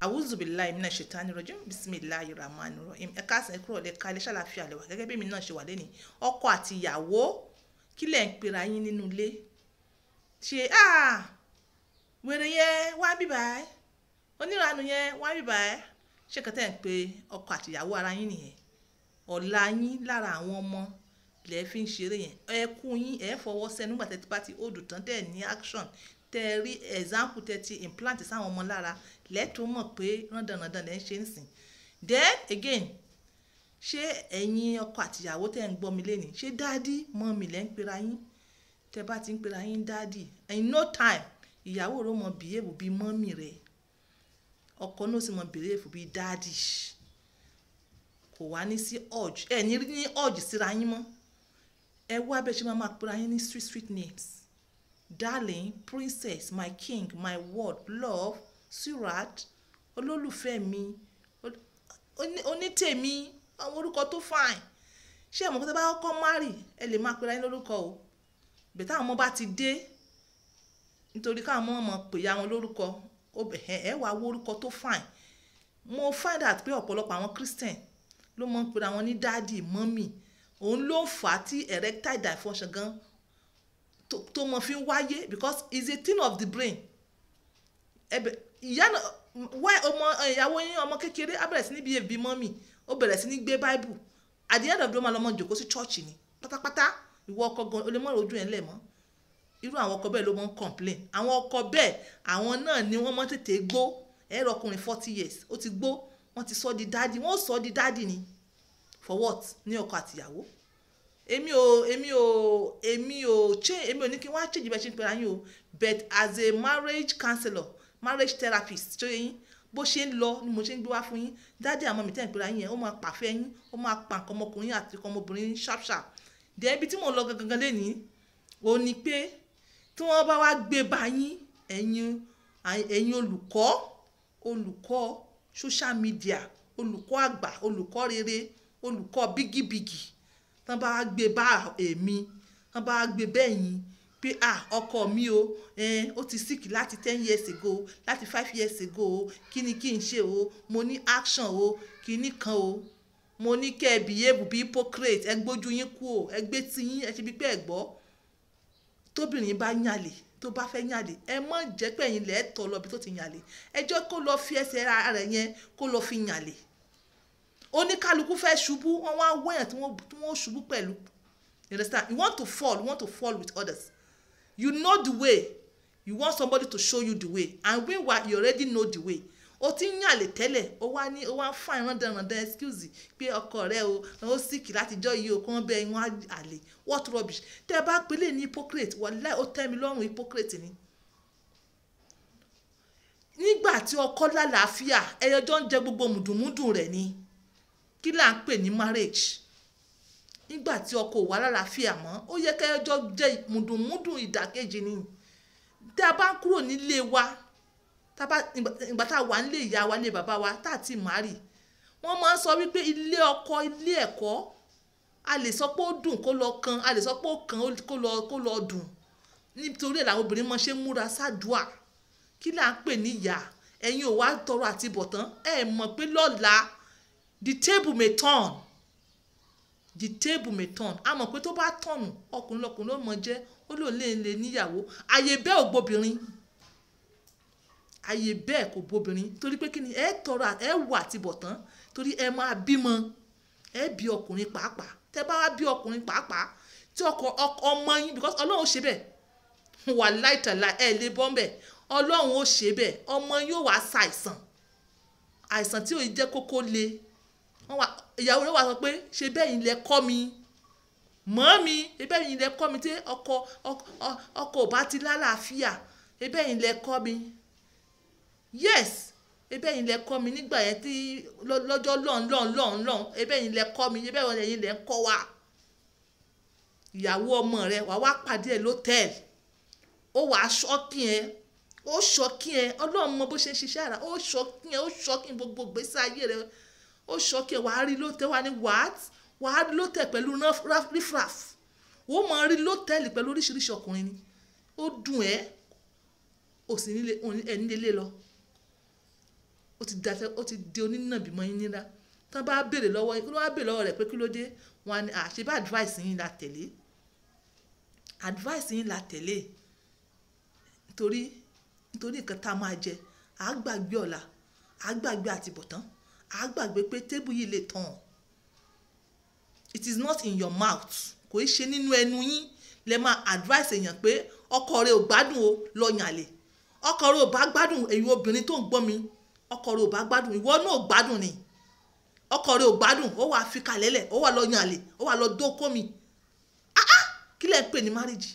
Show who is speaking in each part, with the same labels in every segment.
Speaker 1: awuzubilayi mina shetani rojim bisimilayi ramani rohim ẹ káàsán ẹ kúrò lè ka ilé ṣàlàfíà lẹwà gẹ́gẹ́ bí èmi náà ṣe wà lẹni ọkọ àti ìyàwó kí lẹ ń pera yín nínú ilé ṣe ah wèrè yẹn wá bíbá ẹ onírànú yẹn wá bíbá ẹ ṣé kẹtẹ ń pe ọkọ àti ìyàwó ara yín nìyẹn ọ̀la yín lára àwọn ọmọ lẹ́ẹ̀ fi ń ṣeré yẹn ẹ kú yín ẹ fọwọ́ sẹ́nu gbàtẹ́ tí bá tán tẹ̀ ní action tẹ́ rí example tẹ́ ti implant sáwọn ọmọ lára lẹ́tọ́ mọ̀ pé rándanrandan lẹ́ ń ṣe ń sìn then again ṣé ẹ̀yin ọkọ àtìyàwó tẹ́ ń gbọ́ mi lẹ́nìí ṣé dáàdì mọ́mì lẹ́ ń pera yín tẹ́ bá ti ń pera yín dáàdì in no time ìyàwó rẹ̀ mọ bìyèwò bíi mọ́mì rẹ̀ ọkọ náà sì mọ bìyèwò bíi dáàdì kò wá ní sí urge ẹ̀ ní ní urge síra yín mọ́ ẹ wá bẹ́ẹ̀ ṣe máa máa pera yín ní sweet sweet names darling princess my king my world love surat olólùfẹ́ mi onítèmi àwọn orúkọ tó fine ṣé ẹ̀ mọ̀ pé tó bá kọ́kọ́ márì ẹ lè máa pera yín lórúkọ o bẹ̀tà àwọn ọmọ bá ti dé nítorí káwọn ọmọ ọmọ pè ya wọn lórúkọ ẹ wàá wo orúkọ tó fine mo find out pé ọ̀pọ̀lọpọ̀ àwọn christian ló mọ̀ ń pera wọn ní dáàdì mọ́mì òun ló fà á tí erectile dysfunction gan-an tó mọ fi ń wáyé because it's a thing of the brain ẹbẹ ìyá náà wá ọmọ ìyàwó yín ọmọ kékeré á bẹ̀rẹ̀ sí ní bíi bíi mọ́mì ó bẹ̀rẹ̀ sí ní gbé báíbù at the end of the day máa lọ mọ jòkó sí chọ́ọ̀chì ni pátápátá ìwọ ọkọ gan o lè mọ ojú ẹ̀ ńlẹ̀ mọ́ irú àwọn ọkọ bẹ́ẹ̀ ló mọ ń complain àwọn ọkọ bẹ́ẹ̀ àwọn náà ni wọ́n mọ tètè gbó ẹ̀rọ ọkùnrin forty years ó ti gbó wọ́n ti sọ di dáàdì wọ́n sọ di dáàdì ni for what ní ọkọ àtìyàwó èmi ò èmi ò èmi ò change èmi ò ní kí wọ́n á change bẹ́ẹ̀ ṣe ń pera yín o but as a marriage counselor marriage therapist tó yẹ yín bó ṣe ń lọ ni mo ṣe ń gbé wá fún yín dáàdì àmọ́ mi tẹ́ ń pera yín yẹn ó máa pàfẹ́ yín ó máa pa nǹkan ọmọkùnrin àti nǹkan ọmọbìnrin sharp sharp dẹ̀ ibi tí mò ń lọ gangan lénìí ò ní pé tí wọ́n bá wá gbé bá yín ẹ̀yin olùkọ́ olùkọ́ social media olùkọ́ àgbà olùkọ́ rere olùkọ́ bígíbígì tán bá gbé bá èmi wọ́n bá gbé bẹ́ẹ̀ yín pé ah ọkọ mi o ó ti sick láti ten years ago láti five years ago o kí ni kí n ṣe o mo ní action o kí ni kan o mo ní kẹ́ ẹ bìyẹ́bù bí hypocrite ẹ gbójú yín kú o ẹ gbé tí yín ẹ ṣe bí pé ẹ gbọ́ tóbìnrin bá yànlè tó bá fẹ́ yànlè ẹ mọ̀ jẹ́ pé ẹ̀yin lẹ́ẹ̀ tọ́ lọ bí tó ti yànlè ẹ kó lọ fi ẹsẹ̀ ara rẹ̀ yẹn kó lọ fi yànlè oníkálukú fẹ́ ṣubú wọ́n wá wọ́yàn tí wọ́n ṣubú pẹ̀lú you understand you want to fall you want to fall with others you know the way you want somebody to show you the way and meanwhile you already know the way o ti ń yàn lè tẹ́lẹ̀ ó wá ní ó wá ń fà ìrandànrandàn excuse pé ọkọ rẹ o ó síkì látijọ́ yìí o kàn bẹ́ẹ̀ wọ́n àlè what rubbish tẹ́ ẹ bá pélé ní hypocrite wàláì ó tẹ́ mi lọ́rùn hypocrite ni. nígbà tí ọkọ lálàáfíà ẹyọjọ́ ń jẹ gbogbo mùdùmùdù rẹ̀ ni kí là ń pè ní marriage nígbà tí ọkọ ò wá lálàáfíà mọ́ ó yẹ kẹjọ jẹ́ mùdùnmùdùn ìdàkejì ni tí a bá ń kúrò nílé wa ìgbà tá a wà nílé ìyá wa nílé bàbá wa tá a ti máa rì wọ́n máa ń sọ wípé ilé ọkọ ilé ẹ̀kọ́ a lè sọ pé ó dùn kó lọ kan a lè sọ pé ó kan kó lọ kó lọ dùn nítorí ẹ̀ làwọn obìnrin máa ṣe ń múra sádùá kí là ń pè ní ìyá ẹ̀yin ò wá tọrọ àti bọ̀tán ẹ̀ mọ̀ pé lọ́la the table may turn the table may turn a mọ̀ pé tó bá tọ̀nù ọkùnrin lọkùnrin ló mọ̀ jẹ́ ó lò lè lè níyàwó àyè bẹ́ẹ̀ ò gbóbìnrin àyè bẹ́ẹ̀ kò gbóbìnrin torí pé kí ni ẹ tọrọ ẹ wù àtibọ̀tán torí ẹ máa bímọ ẹ bí ọkùnrin pàápàá tẹ bá wá bí ọkùnrin pàápàá tí ọkọ ọmọ yín because ọlọ́run ó ṣe bẹ́ẹ̀ wà láìtàlá ẹ lè bọ́ bẹ́ẹ̀ ọlọ́run ó ṣe bẹ́ẹ̀ ọmọ yóò wá ṣàìsàn àìsàn tí ò le ìyàwó rẹ̀ wà sọ pé ṣe bẹ́ẹ̀ yìí lẹ kọ́ mi mọ́ mi ebẹ́ yìí lẹ kọ́ mi tí ọkọ ọkọ ò bá ti lálàáfíà ebẹ́ yìí lẹ kọ́ mi yes ebẹ́ yìí lẹ kọ́ mi nígbà yẹn tí lọ́jọ́ lọ́n lọ́n lọ́n lọ́n ebẹ́ yìí lẹ kọ́ mi ebẹ́ yìí lẹ kọ́ wa ìyàwó ọmọ rẹ wàá wá pàdé ẹ lọ́tẹ̀ẹ̀lì ó wàá ṣọ́kìn ẹ ó ṣọ́kìn ẹ ọlọ́run mọ bó ṣe ń ṣiṣẹ́ ara ó ṣọ́kìn ẹ ó ṣọ́kìn gbogbo gbèsè ayé rẹ ó ṣọ́kẹ́ wàá rí lóòótẹ́ wàá ní what wàá rí lóòótẹ́ pẹ̀lú riffraff ó máa rí lóòótẹ́ẹ̀lì pẹ̀lú oríṣiríṣi ọkùnrin ni ó dùn ẹ́ ò sì nílé ẹni lélẹ̀ lọ ó ti dàtẹ ó ti di onínàbí mọ́ yín nílá tán bá béèrè lọ́wọ́ yín kí ló wá béèrè lọ́wọ́ rẹ̀ pé kí ló dé wọn á ní àṣebá advice yín la tẹ̀lé advice yín la tẹ̀lé nítorí nítorí nǹkan tá a máa jẹ àá ọ̀la àá gbàgbé àtibọ̀tán á gbàgbé pé tébù yìí lè tàn it is not in your mouth kò í ṣe nínú ẹnu yín lè máa advice èèyàn pé ọkọ rẹ ò gbádùn o lọ yànlẹ ọkọ rẹ ò bá gbádùn èyí obìnrin tó ń gbọ́ mi ọkọ rẹ ò bá gbádùn ìwọ náà ò gbádùn ni ọkọ rẹ ò gbádùn ó wàá fi kalẹ́lẹ̀ ó wàá lọ yànlẹ ó wàá lọ dóko mi ah ah kí lẹ́ ń pè ní marriage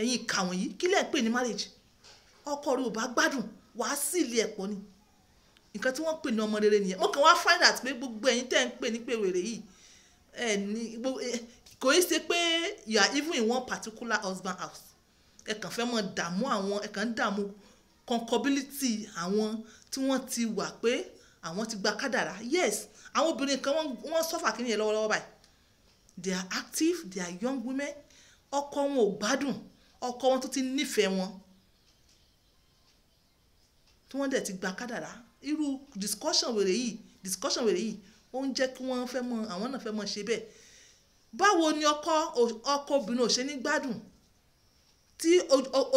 Speaker 1: ẹ̀yin ìkà wọ̀nyí kí lẹ́ ń pè ní marriage ọkọ rẹ ò bá gbádùn wàá sì ilé ẹ̀pọ̀ ni nǹkan tí wọ́n pè ní ọmọ rere nìyẹn mo kàn wá find out pé gbogbo ẹ̀yin tẹ́ ń pè ní pé wèrè yìí ẹ̀ ní kò í ṣe pé you are even in one particular husband house ẹ kàn fẹ́ mọ̀ dààmú àwọn ẹ kàn ń dààmú concability àwọn tí wọ́n ti wà pé àwọn ti gba kádàrá yes àwọn obìnrin kan wọ́n sọ́fà kí nìyẹn lọ́wọ́lọ́wọ́ báyìí they are active they are young women ọkọ wọn ò gbádùn ọkọ wọn tó ti nífẹ̀ẹ́ wọn tí wọ́n dẹ̀ ti gba kádàrá irú discussion wèrè yìí discussion wèrè yìí ó ń jẹ́ kí wọ́n fẹ́ mọ àwọn náà fẹ́ mọ ṣe bẹ́ẹ̀ báwo ni ọkọ ọkọ obìnrin ò ṣe ní gbádùn tí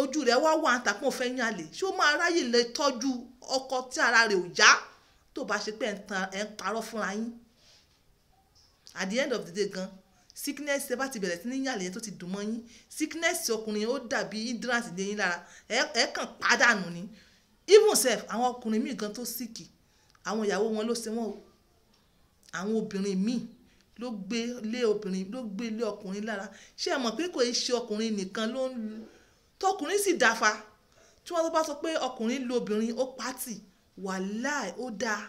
Speaker 1: ojú rẹ̀ wá wà àtàkùn fẹ́ yàn lè ṣé ó máa ráyè lè tọ́jú ọkọ tí ara rẹ̀ ò já tó bá ṣe pé ẹ̀ ń parọ́ fúnra yín at the end of the day gan sickness ẹ bá ti bẹ̀rẹ̀ sí ní yàn yẹn tó ti dùn mọ́ yín sickness ọkùnrin ó dàbí hydrants lé yín lára ẹ̀ kàn pàdánù ni even sef àwọn ọkùnrin míì gan tó síkì àwọn ìyàwó wọn ló ṣe wọn o àwọn obìnrin míì ló gbé lé obìnrin ló gbé lé ọkùnrin lára ṣé ẹ mọ̀ pé kò í ṣe ọkùnrin nìkan ló ń tọkùnrin sì dáfa tí wọ́n bá sọ pé ọkùnrin lo obìnrin ó pátì wàláì ó dáa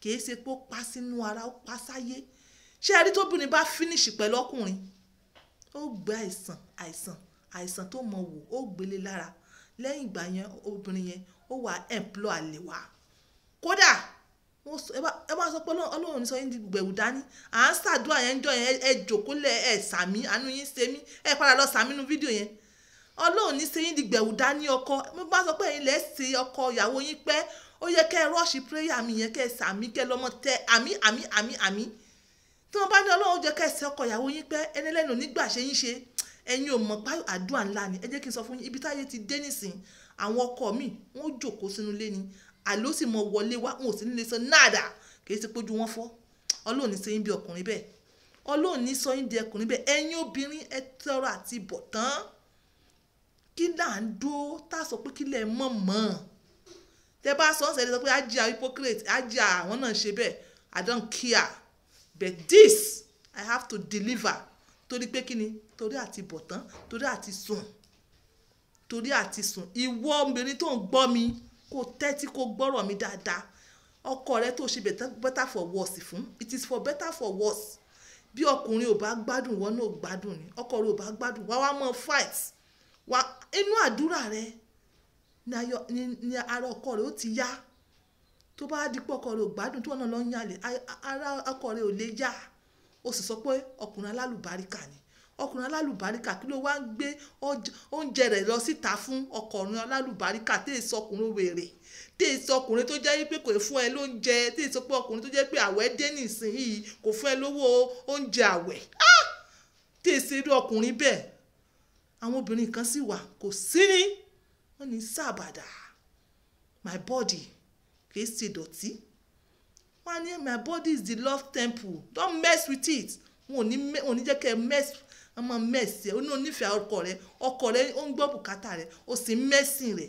Speaker 1: kìí ṣe pé ó pa sínú ara ó pa sáyé ṣé ẹ rí tóbìnrin bá fínísì pẹ̀lú ọkùnrin ó gbé àìsàn àìsàn àìsàn tó mọ̀ wò ó gbélé lára lẹ́yìn ìgbà yẹn obìnrin yẹn ó wà employ àlè wa kódà ẹ bá sọ pé ọlọ́run ní sọ yín di gbẹ̀wù dání à ń ṣàdúrà yẹn jọ yẹn ẹ jòkólẹ̀ ẹ sàmí àánú yín ṣe mí ẹ padà lọ sàmí nu fídíò yẹn ọlọ́run ní ṣe yín di gbẹ̀wù dání ọkọ mo bá sọ pé ẹ̀yin lẹ́ ṣe ọkọ ìyàwó yín pẹ́ ó yẹ kẹ́ ẹ rọ́ọ̀ṣì prayer mi yẹn kẹ́ ẹ sàmí kẹ́ ẹ lọ́mọ tẹ àmì àmì àmì àmì tí wọ́n bá ní ọlọ́run jẹ́ kẹ́ ẹ ṣe ọkọ ìyàwó yín pẹ́ ẹni lẹ́nu nígbà ṣe yín ṣe ẹ̀yin ò mọ̀ páyọ̀ àdúrà ńlá ni ẹ jẹ́ kí n sọ fún yín ibi táyé ti dé nísìnyí àwọn ọkọ mi wọ́n jòkó sínú ilé ni àló sì mọ wọlé wá wọn ò sí nílé sọ náàdà kì í ṣe pójú wọn fọ́ ọlọ́run ní sẹ́yìn bí ọkùnrin bẹ́ẹ̀ ọlọ́run ní sọ́yìn di ọkùnrin bẹ́ẹ̀ ẹ̀yin obìnrin ẹ tọrọ àti bọ̀ tán kí là ń dúró tá a sọ pé kílẹ̀ mọ̀ mọ́ tẹ bá sọ ọ́sẹ̀ ẹ sọ pé á hypocrite á àwọn náà ṣe bẹ́ẹ̀ I don't care but this I have to deliver torí pé kí ni torí àti bọ̀ tán torí àti sùn torí àti sùn ìwọ obìnrin tó ń gbọ́ mi kò tẹ́tí kó gbọ́rọ̀ mi dáadáa ọkọ rẹ tó ṣe better for worse fún it is for better for worse bí ọkùnrin ò bá gbádùn ìwọ náà ò gbádùn ni ọkọ rẹ ò bá gbádùn wá wá mọ fight wá inú àdúrà rẹ ni ara ọkọ rẹ ó ti yá tó bá dípò ọkọ rẹ ò gbádùn tí wọn náà lọ ń yàlẹ ara ọkọ rẹ ò lè yá o sì sọ pé ọkùnrin alálùbáríkà ni ọkùnrin alálùbáríkà kí ló wá ń gbé oúnjẹ rẹ̀ lọ síta fún ọkùnrin alálùbáríkà tẹ́ ìsọkùnrin wèrè tẹ́ ìsọkùnrin tó jẹ́ pé kò fún ẹ lóúnjẹ tẹ́ ìsọ pé ọkùnrin tó jẹ́ pé àwẹ̀ dé nísìnyìí kò fún ẹ lówó oúnjẹ àwẹ̀ tẹ́ ìsọ irú ọkùnrin bẹ́ẹ̀ àwọn obìnrin kan sì wà kò sí ní wọ́n ní sábàdà my body kì í ṣe dọ̀tí wọ́n á ní my body is the love temple don't mess with it wọn ò ní jẹ́ kẹ́ ẹ mess ọmọ mẹ́sì ẹ ó ní onífẹ̀ẹ́ ọkọ rẹ ọkọ rẹ ó ń gbọ́ bùkátà rẹ ó sì ń mẹ́sìn rẹ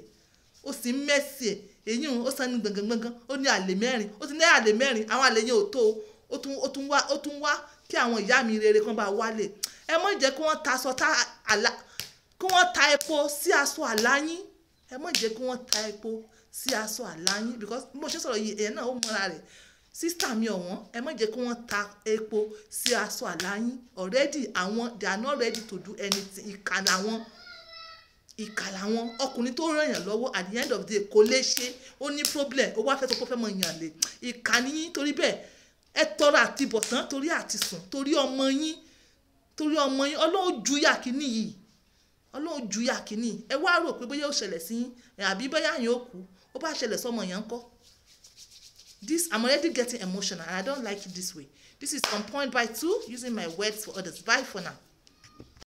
Speaker 1: ó sì ń mẹ́sì ẹ èyí ó san ní gbọ̀ngàngbọ̀ngàn ó ní àlè mẹ́rin ó ti ní àlè mẹ́rin àwọn àlè yẹn ò tó ó tún ó tún wá ó tún wá kí àwọn ìyá mi rere kan bá wálé ẹ mọ̀ jẹ́ kí wọ́n ta aṣọ tá àlá kí wọ́n ta epo sí aṣọ àlá yín ẹ mọ̀ jẹ́ kí wọ́n ta epo sí aṣọ àlá yín because bí mo ṣe sọ̀rọ̀ yìí èèyàn náà ó mọ́ra rẹ̀ sísítà mi ọ̀wọ́n ẹ má jẹ́ kí wọ́n ta epo sí aṣọ àláyín already àwọn they are not ready to do anything ìkàlà wọn ìkàlà wọn ọkùnrin tó ràn yàn lọ́wọ́ at the end of the day kò lè ṣe ó ní problem ó wá fẹ́ sọ pé ó fẹ́ mọ yàn lè ìkà nìyí torí bẹ́ẹ̀ ẹ tọrọ àti bọ̀tán torí àti sùn torí ọmọ yín torí ọmọ yín ọlọ́run ju yà kíní yìí ọlọ́run ju yà kíní ẹ wá rò pé bóyá ó ṣẹlẹ̀ sí yín àbí bóyá yín ó kú ó bá ṣẹlẹ̀ sọmọ yẹn ń kọ́ this i'm already getting emotional and i don't like it this way this is on point by two using my words for others bye for now